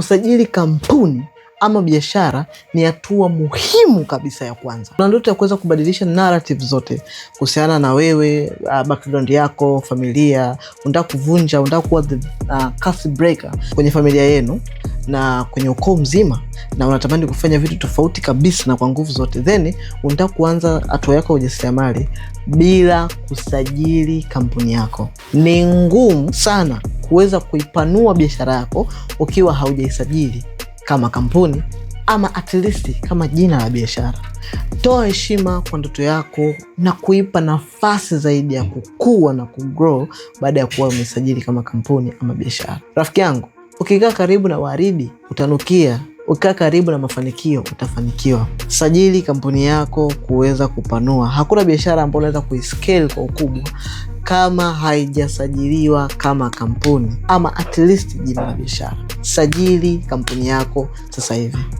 Kusajili kampuni ama biashara ni hatua muhimu kabisa ya kwanza. Una ndoto ya kuweza kubadilisha narrative zote kuhusiana na wewe, uh, background yako, familia. Unataka kuvunja, unataka kuwa the uh, curse breaker kwenye familia yenu na kwenye ukoo mzima, na unatamani kufanya vitu tofauti kabisa na kwa nguvu zote, then unataka kuanza hatua yako ya ujasiriamali bila kusajili kampuni yako. Ni ngumu sana kuweza kuipanua biashara yako ukiwa haujaisajili kama kampuni ama at least kama jina la biashara. Toa heshima kwa ndoto yako na kuipa nafasi zaidi ya kukua na kugrow baada ya kuwa umesajili kama kampuni ama biashara. Rafiki yangu, ukikaa karibu na waridi utanukia, ukikaa karibu na mafanikio utafanikiwa. Sajili kampuni yako kuweza kupanua. Hakuna biashara ambayo unaweza kuiscale kwa ukubwa kama haijasajiliwa kama kampuni ama at least jina la biashara. Sajili kampuni yako sasa hivi.